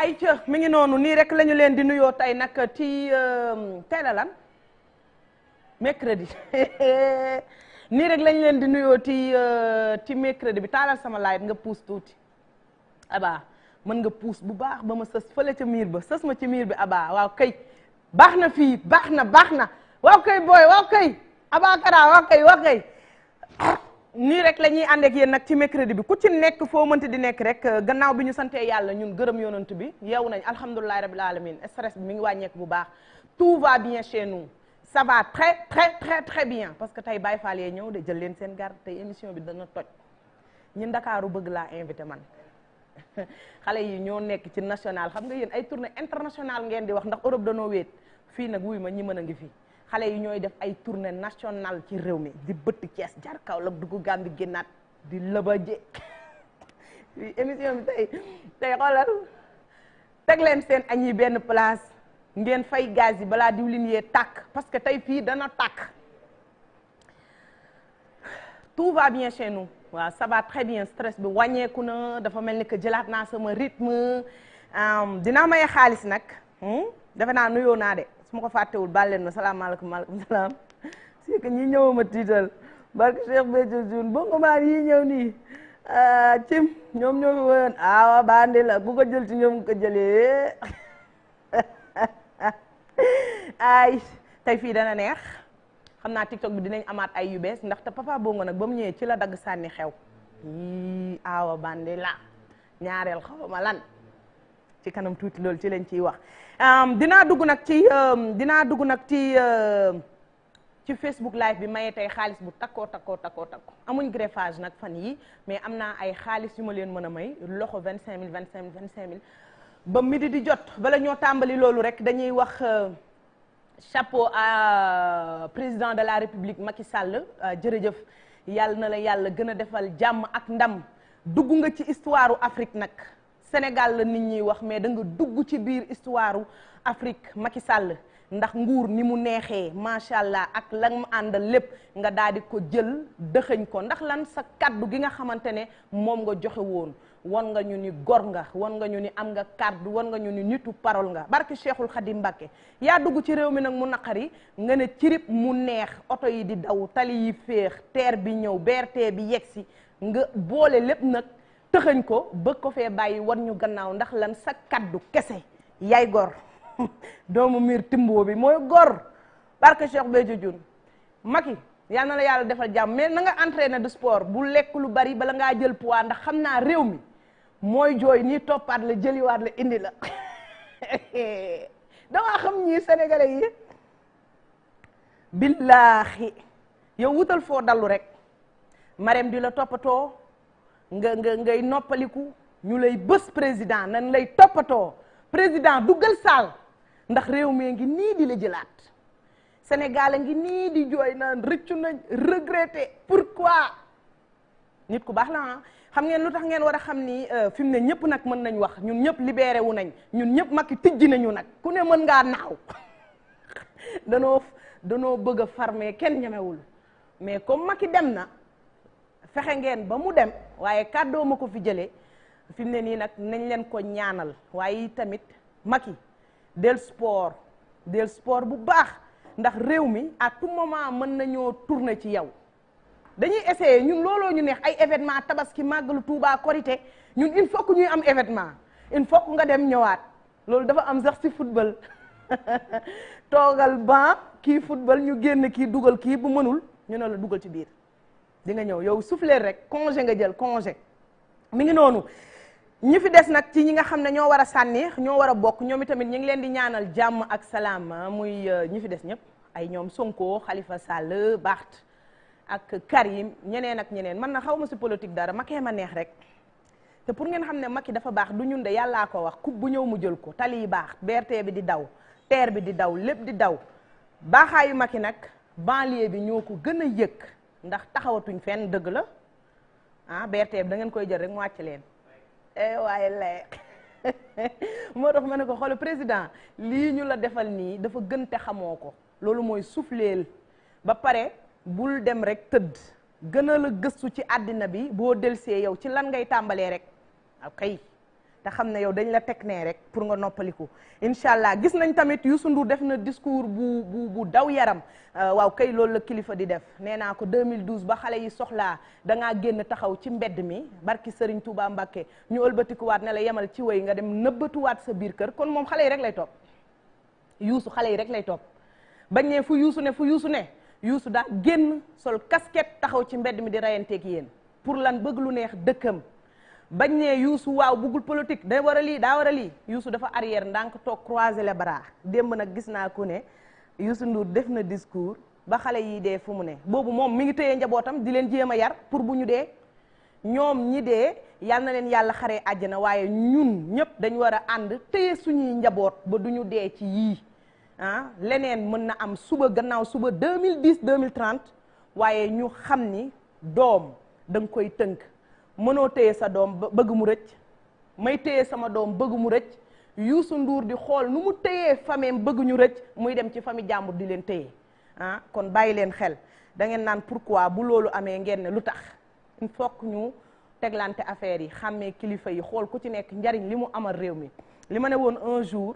ay ca mi ngi noonu nii rek lañu leen di nuyoo tey nag ci euh, tey la lan mercredi nii rek la leen di nuyoo ci euh, ci mercredi bi taalal sama laay nga puus tuuti abaa mën nga puus bu baax ba ma sës fële ca miir ba sës ma ci miir bi abaa waaw kay baax na fii baax na baax na waaw kay booy waaw kay abaa karaa waaw kay waaw kay nii rek la ñuy ànd ak yéen nag ci mercredi bi ku ci nekk foo mënti di nekk rek euh, gannaaw bi ñu santee yàlla ñun gërëm yonant bi yeewu nañ alhamdulilahi rabbil alamin stress bi mi ngi wàññeeku bu baax tout va bien chez nous ça va très très très très bien parce que tey Baye Fall yee ñëw de jël leen seen garde tey émission bi dana toj ñi ndakaaru bëgg laa invité man xale yi ñoo nekk ci national xam nga yéen ay tournée international ngeen di wax ndax Europe danoo wéet fii nag wuy ma ñi mën a ngi fii xale yi ñooy def ay tournée nationale ci réew mi di bëtt Cees jar Kaolack dugg Gàmbi génnaat di lëbaje émission bi tey tey xoolal teg leen seen añ yi benn place ngeen fay gaz yi balaa diwlin yee tàkk parce que tey fii dana takk tout va bien chez nous waaw ça très bien stress bi wàññeeku na dafa mel ni que jëlaat naa sama rythme dinaa maye xaalis nag hmm? defe naa nuyoo naa de su ma ko fàttewul baal leen ma salaamaaleykum maaleykum salaam c'est que ñi ñëw ma tiital barke Cheikh Béthio Thioune nii ah, ñoom ñoo fi woyoon ah, ku ko jël ci ñoom ko jëlee ay tey fii dana neex xam naa tiktok bi dinañ amaat ay yu bees ndaxte papa bongo nag ba mu ñëwee ci la dagg sànni xew yii awa ah, bandi la ñaareel xaw ma lan ci kanam tuuti loolu ci lañ ciy wax dinaa dugg nag ci dinaa dugg nag ci euh, ci Facebook live bi maye tey xaalis bu takkoo takkoo takkoo takko amuñ greffage nag fan yi mais am naa ay xaalis yu ma leen mën a may loxo vingt cinq mille vingt cinq mille vingt cinq mille ba midi di jot bala ñoo tàmbali loolu rek dañuy wax euh, chapeau à euh, président de la république Macky sàll jërëjëf yàlla na la yàlla gën a defal jàmm ak ndam dugg nga ci histoire Afrique nag Sénégal la nit ñi wax mais da nga dugg ci biir histoire Afrique Macky Sall ndax nguur ni mu neexee macha allah ak la mu àndal lépp nga daal di ko jël dëxëñ ko ndax lan sa kàddu gi nga xamante ne moom nga joxe woon wan nga ñu ni gor nga wan nga ñu ni am nga kaddu wan nga ñu ni nitu parole nga barke Cheikhul Khadim Mbacké yaa dugg ci réew mi nag mu naqari nga ne cirib mu neex oto yi di daw tali yi féex teer bi ñëw BRT bi yegsi nga boole lépp nag. tëxañ ko bëgg ko fee bàyyi wan ñu gannaaw ndax lan sa kaddu kese yay gor doomu miir timboo bi mooy gor barke Cheikh Béthio Thioune Macky yal na la yàlla defal jàmm mais na nga entraîné du sport bu lekk lu bari bala ngaa jël poids ndax xam naa réew mi mooy jooy nii toppaat la jëliwaat la indi la damaa xam ñii sénégalais yi billaahi yow wutal foo dallu rek marem di la toppatoo nga nga ngay noppaliku ñu lay bës président nañ lay toppatoo président duggal saal ndax réew mi ngi nii di la jëlaat Sénégal a ngi nii di jooy na rëccu nañ regretté pourquoi nit ku baax la ah xam ngeen lu tax ngeen war a xam ni euh, fi mu ne ñëpp nag mën nañ wax ñun ñëpp libéré wu nañ ñun ñëpp Macky tijji nañu nag ku ne mën ngaa naaw danoo danoo bëgg a farme kenn ñemewul mais comme Macky dem na fexe ngeen ba mu dem waaye kàddoo ma ko fi jëlee fi ne nii nag nañ leen ko ñaanal waaye tamit Macky del sport del sport bu baax ndax réew mi à tout moment mën nañoo tourner ci yow dañuy essayer ñun looloo ñu neex ay événement tabaski màggalu Touba Korité ñun il faut que ñuy am événement il faut nga dem ñëwaat loolu dafa am sax ci football toogal ban kii football ñu génn kii dugal kii bu mënul ñu ne la dugal ci biir di nga ñëw yow souffler rek congé nga jël congé mu ngi noonu ñi fi des nag ci ñi nga xam ne ñoo war a sànni ñoo war a bokk ñoom itamit ñu ngi leen di ñaanal jàmm ak salaam ah, muy euh, ñi fi des ñëpp ay ñoom Sonko xalifa sàll Bart ak Karim ñeneen ak ñeneen man na xaw ma si politique dara makee ma neex rek te pour ngeen xam ne Macky dafa baax du ñun de yàllaa ko wax coupe bu ñëw mu jël ko tali yi baax BRT bi di daw TER bi di daw lépp di daw baaxaayu Macky nag banlieue bi ñoo ko gën a yëg. ndax taxawatuñ fenn dëgg la ah BRT bi da ngeen koy jël rek mu wàcc leen eh waaye lay moo tax ma ne ko xool président lii ñu la defal nii dafa gën te xamoo ko loolu mooy suufleel ba pare bul dem rek tëdd gën a gëstu ci àddina bi boo delsee yow ci lan ngay tàmbalee rek ak kay te xam ne yow dañ la teg nee rek pour nga noppaliku incha allah gis nañ tamit Youssou Ndour def na discours bu bu daw yaram euh, waaw kay loolu la kilifa di def nee naa ko 2012 ba xale yi soxlaa da génn taxaw ci mbedd mi barki Serigne Touba Mbakke ñu ëlbatikuwaat ne la yemal ci woy nga dem nëbbatuwaat sa biir kër kon moom xale yi rek lay topp yuusu xale yi rek lay topp bañ ne fu Youssou ne fu Youssou ne Youssou daa génn sol casquette taxaw ci mbedd mi di rayanteeg yéen pour lan bëgg lu neex dëkkam. bañ ne Youssou waaw buggul politique da war a lii daa war a lii Youssou dafa arrière ndànk toog croiser les démb nag gis naa ko ne Youssou Ndour def na discours ba xale yi dee fu mu ne boobu moom mi ngi téye njabootam di leen jéem a yar pour bu ñu dee ñoom ñi dee yal na leen yàlla xaree àjjana waaye ñun ñëpp dañu war a ànd téye suñuy njaboot ba du ñu dee ci yii ah leneen mën na am suba gannaaw suba 2010 2030 waaye ñu xam ni doom danga koy tënk. mënoo téye sa doom bëgg mu rëcc may téye sama doom bëgg mu rëcc Youssou Ndour di xool nu mu téyee fameem bëgg ñu rëcc muy dem ci famille jàmbur di leen téye ah kon bàyyi leen xel da ngeen naan quoi bu loolu amee ngeen ne lu tax il faut ñu teglante affaire yi xàmmee kilifa yi xool ku ci nekk njariñ li mu amal réew mi li ma ne woon un jour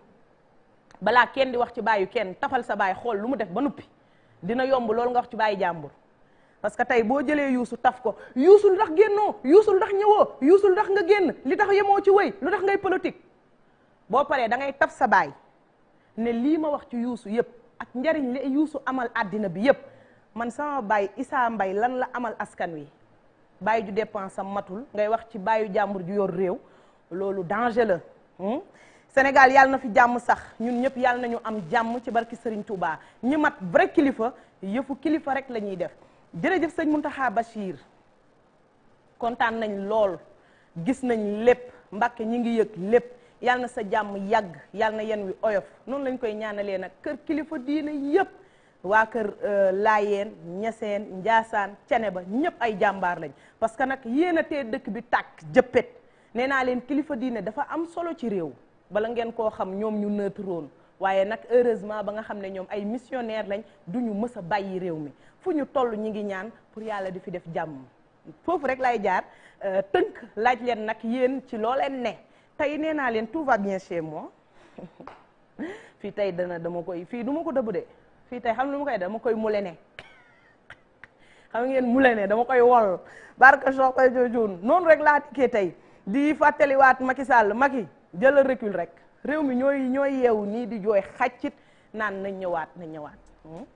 balaa kenn di wax ci bàyyi kenn tafal sa baay xool lu mu def ba nuppi dina yomb loolu nga wax ci bàyyi jàmbur parce que tey boo jëlee yuusu taf ko yuusu lu tax génnoo yuusu lu tax ñëwoo yuusu lu tax nga génn li tax yemoo ci wéy lu tax ngay politique boo paree da ngay taf sa baay ne lii ma wax ci yuusu yëpp ak njariñ li yuusu amal àddina bi yëpp man sama baay Issa Mbaye lan la amal askan wi bàyyi ju depense am matul ngay wax ci bàyyu jàmbur ju yor réew loolu danger la hmm? Sénégal yàlla na fi jàmm sax ñun ñëpp yàlla nañu am jàmm ci barki Serigne Touba ñi mat vrai kilifa yëfu kilifa rek la ñuy def jërëjëf sëñ Mountakha Bachir kontaan nañ lool gis nañ lépp Mbàkke ñi ngi yëg lépp yal na sa jàmm yàgg yal na yen wi oyof noonu lañ koy ñaanalee nag kër kilifa diine yépp waa kër euh, Laayeen Ñaseen Njaasaan Cene ba ñépp ay jàmbaar lañ parce que nag yéen a tee dëkk bi tàkk jëppet nee naa leen kilifa diine dafa am solo ci réew bala ngeen koo xam ñoom ñu nëtëroon waaye nag heureusement ba nga xam ne ñoom ay missionnaire lañ duñu mës a bàyyi réew mi fu ñu toll ñu ngi ñaan pour yàlla di fi def jàmm foofu rek lay jaar euh, tënk laaj leen nag yéen ci loo leen ne tey nee naa leen tout va bien chez moi fii tey dana dama koy fii du ma ko dëbb de fii tey xam lu ma koy dama koy mule ne xam ngeen mule ne dama koy wol soo soxna Jojoon noonu rek laa tikkee tey di fàttaliwaat Macky Sall Macky jëlal recul rek réew mi ñooy ñooy yeewu nii di jooy xàccit naan na ñëwaat na ñëwaat hmm?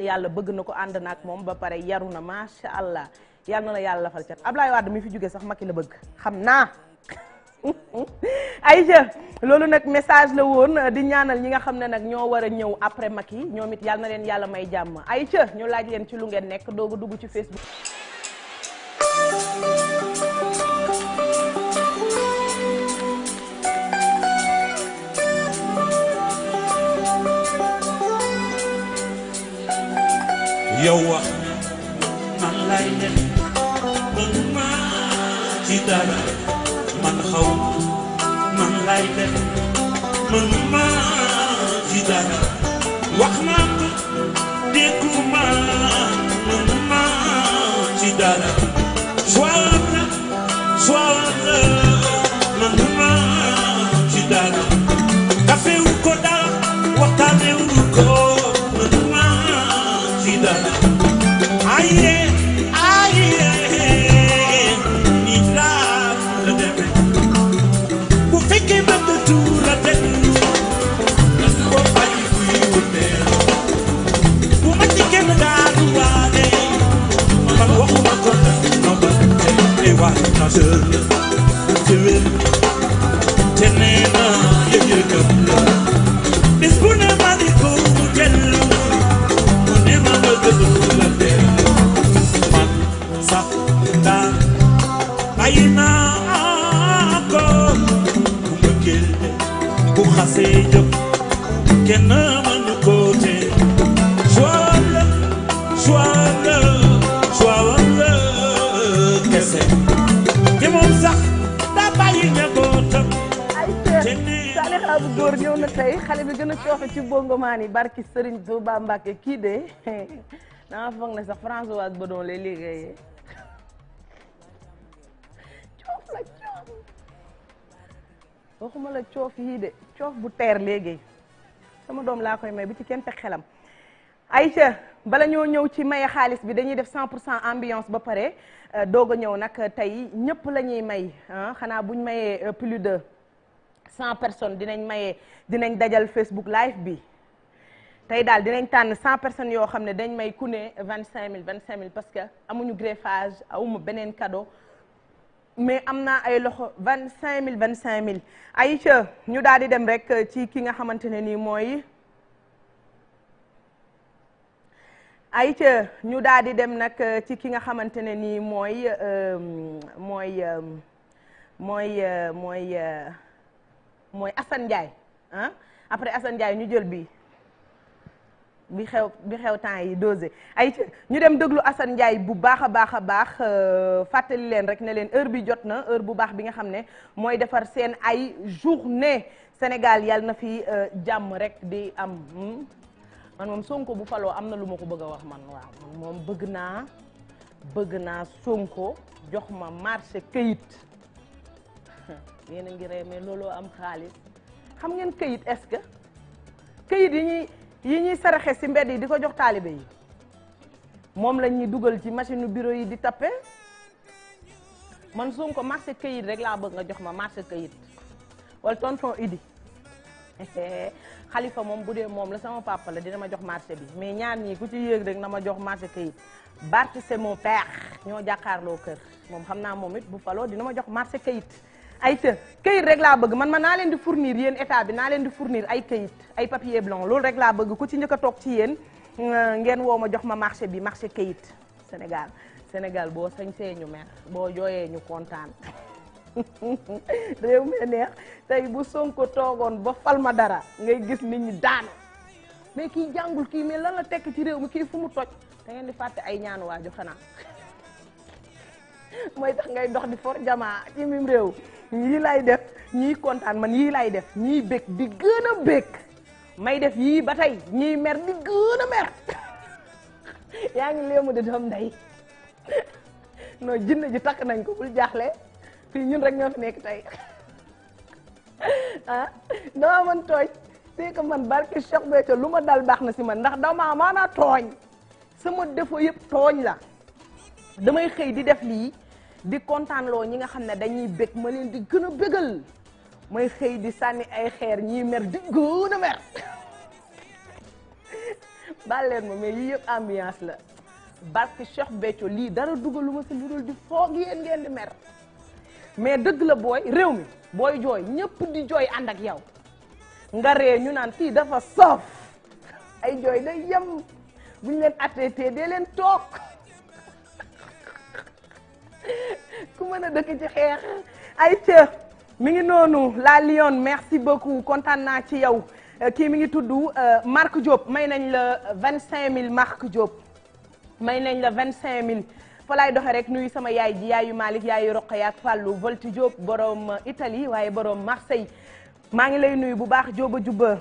yàlla bëgg na ko ànd naag moom ba pare yaru na macha allah yal na la yàlla lafal cat Ablaye Wade mi fi jóge sax Macky la bëgg xam naa ay Aïcha loolu nag message la woon uh, di ñaanal ñi nga xam ne nag ñoo war a ñëw après Macky ñoom it yal na leen yàlla may jàmm Aïcha ñu laaj leen ci lu ngeen nekk doo a dugg ci Facebook yow wax man lay def bëgguma ci dara man xaw man lay def mënuma ci dara wax naa ko dégguma mënuma ci dara soit la soit la mënuma barki Serigne baa Mbacke kii de dama foog ne sax François Bodon lay liggéeyee coof la coof waxuma la coof yii de coof bu teer léegi sama doom laa koy may bu ci kenn teg xelam Aïcha bala ñoo ñëw ci maye xaalis bi dañuy def cent pour cent ambiance ba pare euh, doog a ñëw nag tey ñëpp lañuy may xanaa buñ mayee euh, plus de cent personnes dinañ maye dinañ dajal Facebook live bi tey daal dinañ tànn cent personnes yoo xam ne dañ may ku vingt cinq mille vingt cinq mille parce que amuñu greffage awuma beneen cadeau mais am na ay loxo vingt cinq mille vingt cinq mille Aïcha ñu daal di dem rek ci ki nga xamante ne nii mooy Aïcha ñu daal di dem nag ci ki nga xamante ne nii mooy euh, mooy euh, mooy euh, mooy mooy Assane après Assane Ndiaye ñu jël bi bi xew bi xew temps yi dosé ay ñu dem déglu Assane Ndiaye bu baax a baax a baax euh, fàttali leen rek ne leen heure bi jot na heure bu baax bi nga xam ne mooy defar seen ay journée Sénégal yàlla na fi euh, jàmm rek di am man moom Sonko bu faloo am na lu ma ko bëgg a wax man waaw moom bëgg naa bëgg naa Sonko jox ma marché këyit yéen a ngi ree mais looloo am xaalis xam ngeen këyit est-ce que këyit yi ñuy yi ñuy saraxe si mbedd yi di ko jox taalibe yi moom la ñuy dugal ci machine bureau yi di tappe man suñ ko marché këyit rek laa bëgg nga jox ma marché këyit wala tonton Idi xalifa moom bu dee moom la sama papa la dina ma jox marché bi mais ñaar ñii ku ci yéeg rek na ma jox marse këyit Barth c'est mon ñoo jàkkaarloo kër moom xam naa moom it bu faloo dina ma jox marché këyit ay të këyit rek laa bëgg man ma naa leen di fournir yéen état bi naa leen di fournir ay këyit ay papier blanc loolu rek laa bëgg ko ci njëkk a toog ci yéen euh, ngeen woo ma jox ma marché bi marché këyit Sénégal Sénégal boo sañsee ñu mer boo jooyee ñu kontaan réew mi neex tey bu Sonko toogoon ba fal ma dara ngay gis nit ñi daanu mais kii jàngul kii mais lan la tekk ci réew mi kii fu mu toj da ngeen di fàtte ay ñaanu waaju xanaa mooy tax ngay dox di for jamaa ci mim réew yii lay def ñii kontaan man yii lay def ñii bég di gën a may def yii ba tey ñii mer di gën mer yaa ngi léemu di doom nday non jinne ji takk nañ ko bul jaaxle fii ñun rek ñoo fi nekk tey ah dama man tooñ c'est que man barke Cheikh Béthio lu ma dal baax na si man ndax dama maanaa tooñ sama defo yëpp tooñ la damay xëy di def lii di kontaan kontaanloo ñi nga xam ne dañuy bég ma leen di gën a bégal may xëy di sànni ay xeer ñiy mer di gën a mer baal leen ma mais yii yëpp ambiance la barke Cheikh Béthio lii dara dugaluma si lu dul di foog yéen ngeen di mer mais dëgg la booy réew mi booy jooy ñëpp di jooy ànd ak yow nga ree ñu naan kii dafa soof ay jooy day yem buñ leen attêté dee leen toog ku mën a dëkk ci xeex ay ca mi ngi noonu la Lyon merci beaucoup kontaan naa ci yow euh, kii mi ngi tudd euh, Marc Diop may nañ la vingt cinq mille Marc Diop may nañ la vingt cinq mille fa doxee rek nuyu sama yaay ji yaayu Malick yu Roqaya ak Fallou Volti Diop borom Italie waaye borom Marseille maa ngi lay nuyu bu baax Diop a juba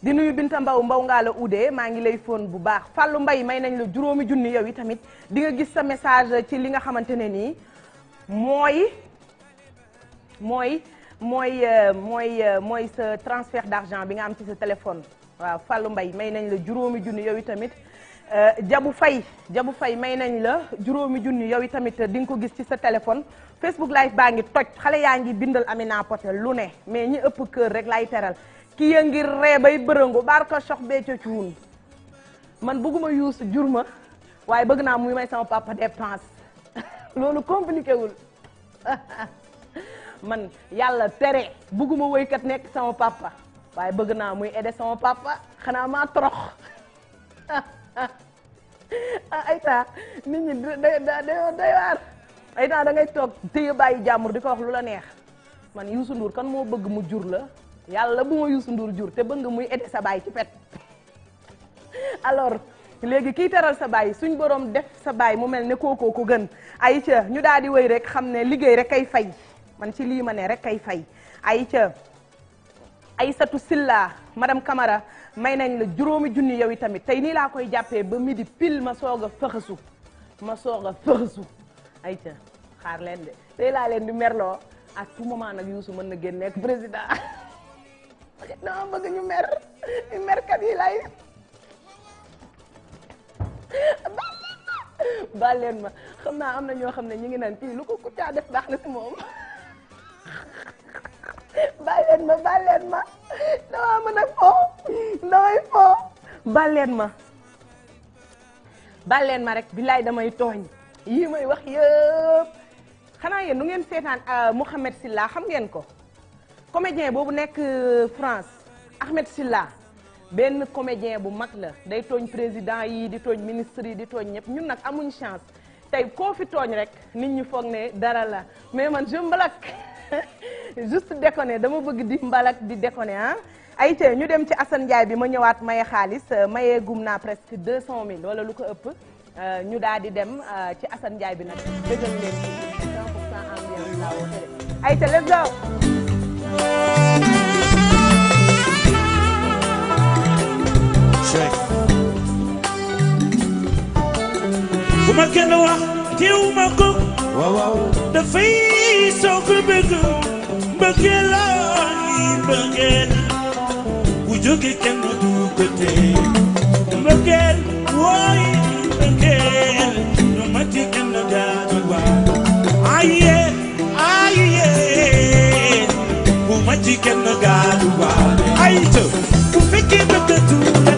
di nuyu Binta Mbaw Mbaw ngaa la uudee maa ngi lay fóon bu baax Fallou mbay may nañ la juróomi junni yow yi tamit di nga gis sa message ci li nga xamante ne nii mooy mooy mooy mooy mooy sa transfert d'argent bi nga am ci sa téléphone waaw Fallou Mbaye may nañ la juróomi junni yow yi tamit euh, Jabu Fay Jabu Fay may nañ la juróomi junni yow yi tamit di nga ko gis ci sa téléphone Facebook live baa ngi toj xale yaa ngi bindal naa Poté lu ne mais ñi ëpp kër rek lay teral ki ya ngir ree bay bërëngu barka sox bee ca cuun man bëgguma yuus jur ma waaye bëgg naa muy may sama papa dépense loolu compliqué wul man yàlla tere bëgguma woykat nekk sama papa waaye bëgg naa muy aider sama papa xanaa maa torox ay ah, taa nit ñi day day waar ay da ngay toog téye bàyyi jàmbur di ko wax lu la neex man Youssou Ndour kan moo bëgg mu jur la yàlla bu ma Youssou Ndour jur te bëgg muy ete sa baay ci pet alors léegi kiy teral sa baay suñ boroom def sa baay mu mel ne koo ko gën ay ñu daal di wéy rek xam ne liggéey rek ay fay man ci lii ma ne rek kay fay ay ca Aysatu Silla madame Camara may nañ la juróomi junni yow yi tamit tey nii laa koy jàppee ba midi pil ma soog a fëxasu ma soog a fëxasu ay ca xaar leen de tey laa leen di merloo à tout moment nag Youssou mën na génne nekk président dama bëgg ñu mer ñu merkat yi lay baal leen ma xam naa am na ñoo xam ne ñu ngi naan kii lu ko Kouthia def baax na si moom baal leen ma baal ma dama mën a foo damay foo baal leen ma baal ma rek billaay damay tooñ yii may wax yëpp xanaa yéen nu ngeen seetaan ah, Mouhamed Silla xam ngeen ko comédien boobu nekk euh, France Ahmed Silla benn comédien bu mag la day tooñ président yi di tooñ ministre yi di tooñ ñëpp ñun nag amuñ chance tey koo fi tooñ rek nit ñi foog ne dara la mais man je mbalak juste déconner dama bëgg di mbalak di déconner ah ayte ñu dem ci Assane Ndiaye bi ma ñëwaat maye xaalis euh, maye gum naa presque 200000 wala lu ko ëpp euh, ñu daal di dem ci Assane Ndiaye bi nag dëggal leen ci 100 pour cent cheikh bu ma kenn wax teew ma ko waaw waaw dafay soog a bëgg mbëggeel la ñuy mbëggeel bu jóge kenn du ko tee mbëggeel wooy mbëggeel lu ma ci kenn daanu waa ayee ci kenn gaadu waale ay të bu fekkee bëgg tuula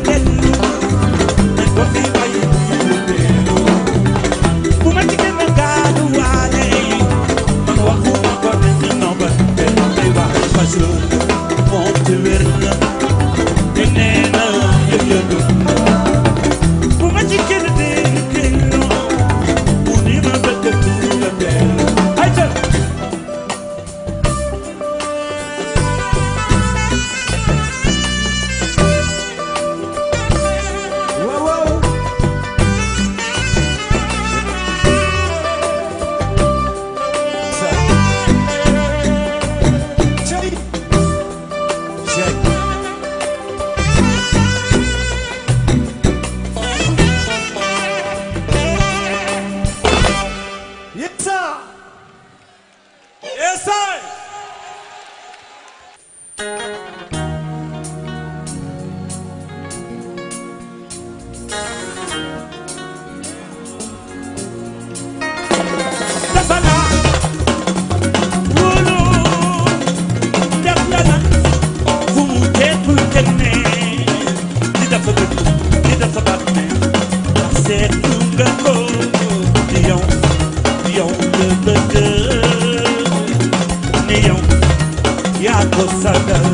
bëgg ni yow yaa ko sagal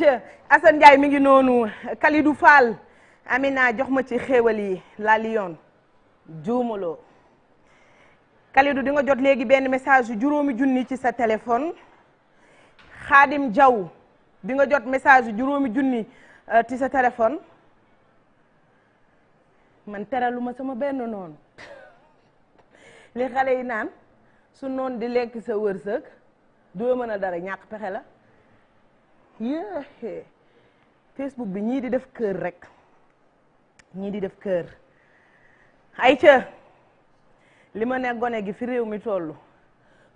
ayca Assane Ndiaye mi ngi noonu Kalidou Fall Amina jox ma ci xéewal yi la Lyon juumaloo Kalidou di nga jot léegi benn message juróomi junni ci sa téléphone Xaadim Jaw di nga jot message juróomi junni euh, ci sa téléphone man teraluma sama benn noonu li xale yi naan su noon di lekk sa wërsëg doo mën a dara ñàkk pexe la yéexee Facebook bi ñii di def kër rek ñii di def kër ay ca li ma ne gone gi fi réew mi toll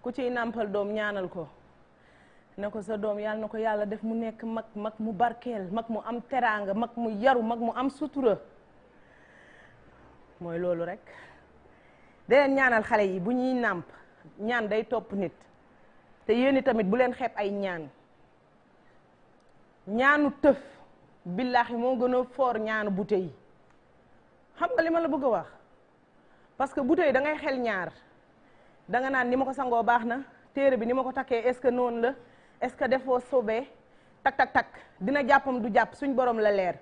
ku ciy nàmpal doom ñaanal ko ne ko sa doom yàlla na ko yàlla def mu nekk mag mag mu barkeel mag mu am teraanga mag mu yaru mag mu am sutura mooy loolu rekk deneen ñaanal xale yi bu ñuy nàmp ñaan day topp nit te yéen tamit bu leen xeeb ay ñaan ñaanu tëf billaahi moo gën a foor ñaanu bouteille xam nga li ma la bëgg a wax parce que bouteille da ngay xel ñaar danga naan ni ma ko sangoo baax na téere bi ni ma ko takkee est-ce que noonu la est-ce que defoo sobee takk tak tak dina jàppam du jàpp suñ borom la leer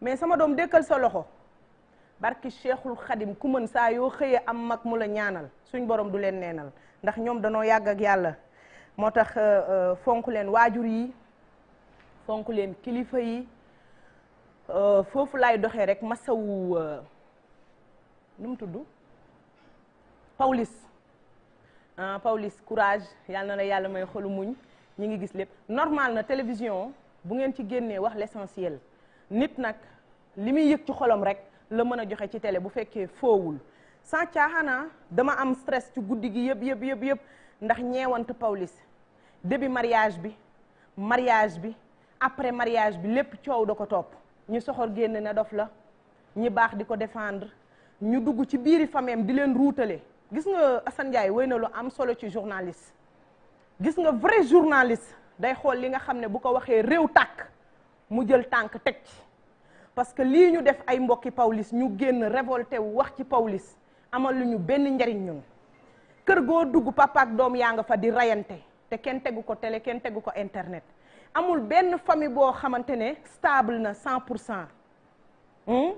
mais sama doom dëkkal sa loxo barki cheikhul xadim ku mën saa yoo xëyee am mag mu la ñaanal suñ borom du leen neenal ndax ñoom danoo yàgg ak yàlla moo tax euh, euh, fonk leen waajur yi fonk leen kilifa yi euh, foofu laay doxee rek ma sewu euh, nu mu tudd Paulis ah Paulis courage yàlla na yàlla may xolu muñ ñi ngi gis lépp normal na télévision bu ngeen ci génnee wax l'essentiel nit nag li muy yëg ci xolam rek la mën a joxe ci télé bu fekkee foowul sans caaxaana ah, dama am stress ci guddi gi yëpp yëpp yëpp yëpp ndax ñeewant Paulis début mariage bi mariage bi après mariage bi lépp coow da ko topp ñu soxor génn ne dof la ñi baax di ko defendre ñu dugg ci biir biiri fameem di leen ruutale gis nga Assane Ndiaye wéy na lu am solo ci journaliste gis nga vrai journaliste day xool li nga xam ne bu ko waxee réew tàkk mu jël tànk teg ci parce que lii ñu def ay mbokki Pawlish ñu génn révolté wu wax ci Pawlish amal lu ñu benn njariñ ñun kër goo dugg papa doom yaa nga fa di reyante te kenn tegu ko tele kenn tegu ko internet amul benn famille boo xamante ne stable na cent pour cent hmm?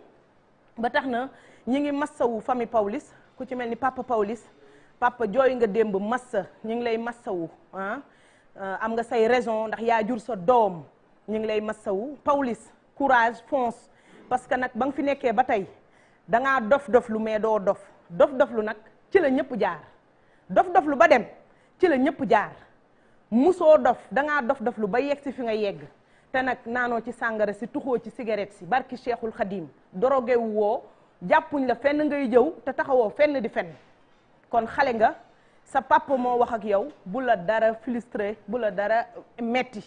ba tax na ñi ngi massawu famille Pawlish ku ci mel ni papa Pawlish papa jooy nga démb massa ñi ngi lay massawu ah euh, am nga say raison ndax yaa jur sa doom ñi ngi lay massawu Pawlish courage fonce parce que nag ba nga fi nekkee ba tey dangaa dof dof lu mais doo dof dof dof lu nag ci la ñëpp jaar dof dof lu ba dem ci la ñëpp jaar musoo dof dangaa dof dof lu ba yeg si fi nga yegg te nag naanoo ci sàngara si tuxoo ci cigarette si barki cheikhul xadim doroge wu woo jàppuñ la fenn ngay jëw te taxawoo fenn di fenn kon xale nga sa papa moo wax ak yow bu la dara frustré bu la dara metti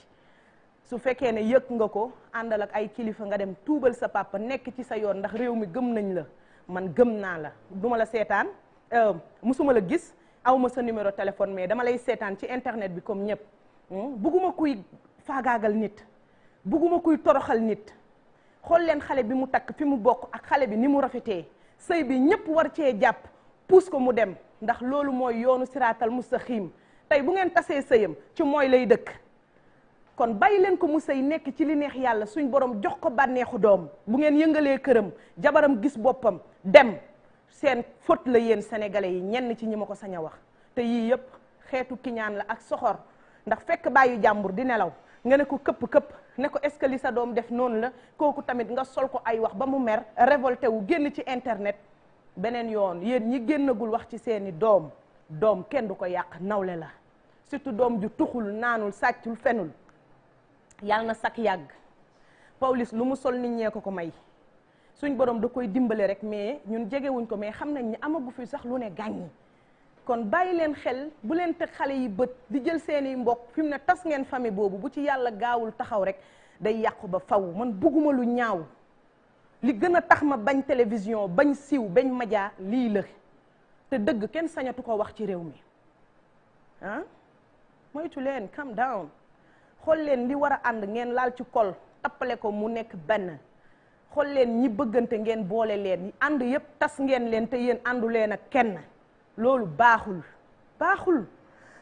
su fekkee ne yëg nga ko àndal ak ay kilifa nga dem tuubal sa papa nekk ci sa yoon ndax réew mi gëm nañ la man gëm naa la duma la seetaan euh, musuma la gis aw ma sa numéro téléphone mais dama lay seetaan ci internet bi comme ñëpp hmm? bugguma kuy faagaagal nit bugguma kuy toroxal nit xool leen xale bi mu takk fi mu bokk ak xale bi ni mu rafetee sëy bi ñëpp war cee jàpp puus ko mu dem ndax loolu mooy yoonu siraatal mu sa xiim tey bu ngeen tasee sëyam ci mooy lay dëkk kon bàyyi leen ko mu sëy nekk ci li neex yàlla suñ borom jox ko bànneexu doom bu ngeen yëngalee këram jabaram gis boppam dem seen faute la yéen sénégalais yi ñenn ci ñi ma ko sañ a wax te yii yëpp xeetu kiñaan la ak soxor ndax fekk bàyyi jàmbur di nelaw nga ne ko këpp këpp ne ko est-ce que li sa doom def noonu la kooku tamit nga sol ko ay wax ba mu mer révolté wu génn ci internet beneen yoon yéen ñi génnagul wax ci seeni doom doom kenn du ko yàq nawle la surtout doom ju tuxul naanul sàccul fenul yàlla na sak yàgg Pawlish lu mu sol nit ñee ko ko may suñ borom da koy dimbale rek mais ñun jegewuñ ko mais xam nañ ne amagu fi sax lu ne gàññi kon bàyyi leen xel bu leen teg xale yi bët di jël seeni mbokk fi mu ne tas ngeen famille boobu bu ci yàlla gaawul taxaw rek day yàqu ba faw man bugguma lu ñaaw li gën a tax ma bañ télévision bañ siiw bañ média lii la te dëgg kenn sañatu ko wax ci réew mi ah moytu leen calm down xool leen li war a ànd ngeen laal ci kol tappale ko mu nekk benn xool leen ñi bëggante ngeen boole leen ñi ànd yëpp tas ngeen leen te yéen àndu leen ak kenn loolu baaxul baaxul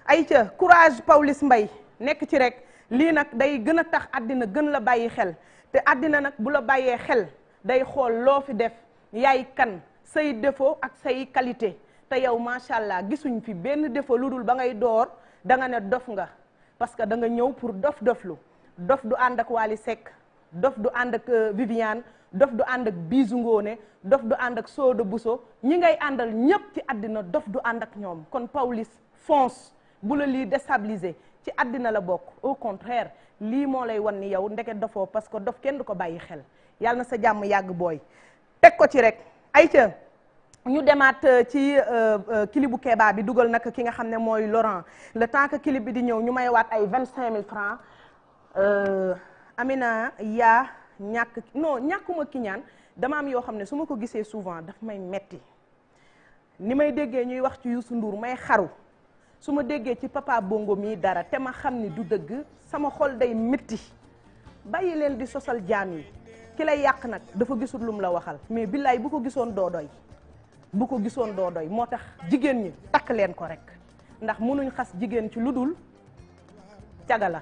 ay ca courage Pawlish mbay nekk ci rek lii nag day gën a tax àddina gën la bàyyi xel te àddina nag bu la bàyyee xel day xool loo fi def yaay kan say défaut ak say qualité te yow macha allah gisuñ fi benn défaut lu dul ba ngay door da nga ne dof nga parce que da nga ñëw pour dof doflu dof du ànd ak waali Seck dof du ànd ak euh, Viviane dof du ànd ak Bijou Ngoné dof du ànd ak Soda Bousso ñi ngay àndal ñépp ci àddina dof du ànd ak ñoom kon Pawlish fonce bu la lii déstabiliser ci àddina la bokk au contraire lii moo lay wan ni yow ndeke dofoo parce que dof kenn du ko bàyyi xel yàlla na sa jàmm yàgg booy teg ko ci rek ayca ñu demaat euh, ci euh, kilibu bu bi dugal nag ki nga xam ne mooy Laurent le temps que clip bi di ñëw ñu may waat ay vingt cinq mille francs Amina yaa ñàkk non ñàkkuma kiñaan dama am yoo xam ne su ma ko gisee souvent dafa may metti ni may déggee ñuy wax ci Youssou nduur may xaru su ma déggee ci papa Bongo mii dara te ma xam ni du dëgg sama xol day metti bàyyi leen di sosal jaam yi ki lay yàq nag dafa gisul lum la waxal mais billaay bu ko gisoon doo bu ko gisoon doo doy moo tax jigéen ñi takk leen ko rek ndax mënuñ xas jigéen ci lu dul caga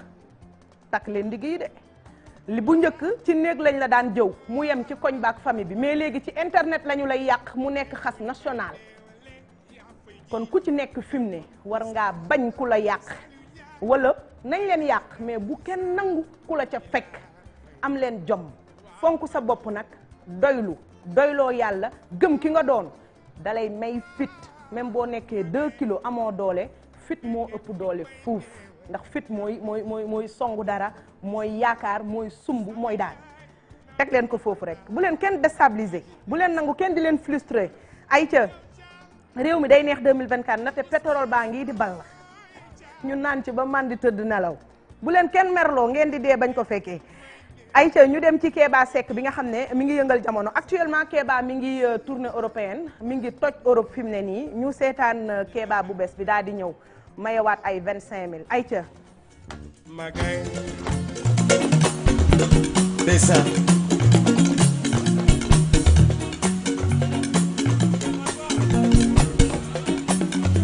takk leen liggéey de li bu njëkk ci néeg lañ la daan jëw mu yem ci koñ baak famille bi mais léegi ci internet lañu lay yàq mu nekk xas national kon ku ci nekk fi ne war ngaa bañ ku la yàq wala nañ leen yàq mais bu kenn nangu ku la ca fekk am leen jom fonk sa bopp nag doylu doyloo yàlla gëm ki nga doon dalay may fit même boo nekkee 2 kilos amoo doole fit moo ëpp doole fuuf ndax fit mooy mooy mooy mooy songu dara mooy yaakaar mooy sumb mooy daal teg leen ko foofu rek bu leen kenn déstabiliser bu leen nangu kenn di leen frustré ay ca réew mi day neex 2024 na te pétrole baa ngi di bal la ñu naan ci ba man di tëdd nelaw bu leen kenn merloo ngeen di dee bañ ko fekkee ay ca ñu dem ci Kéba Seck bi nga xam ne mi ngi yëngal jamono actuellement Kéba mi ngi euh, tournée européenne mi ngi toj Europe fi mu ne nii ñu seetaan euh, Kéba bu bees bi daal di ñëw mayewaat ay vingt cinq mille ay ca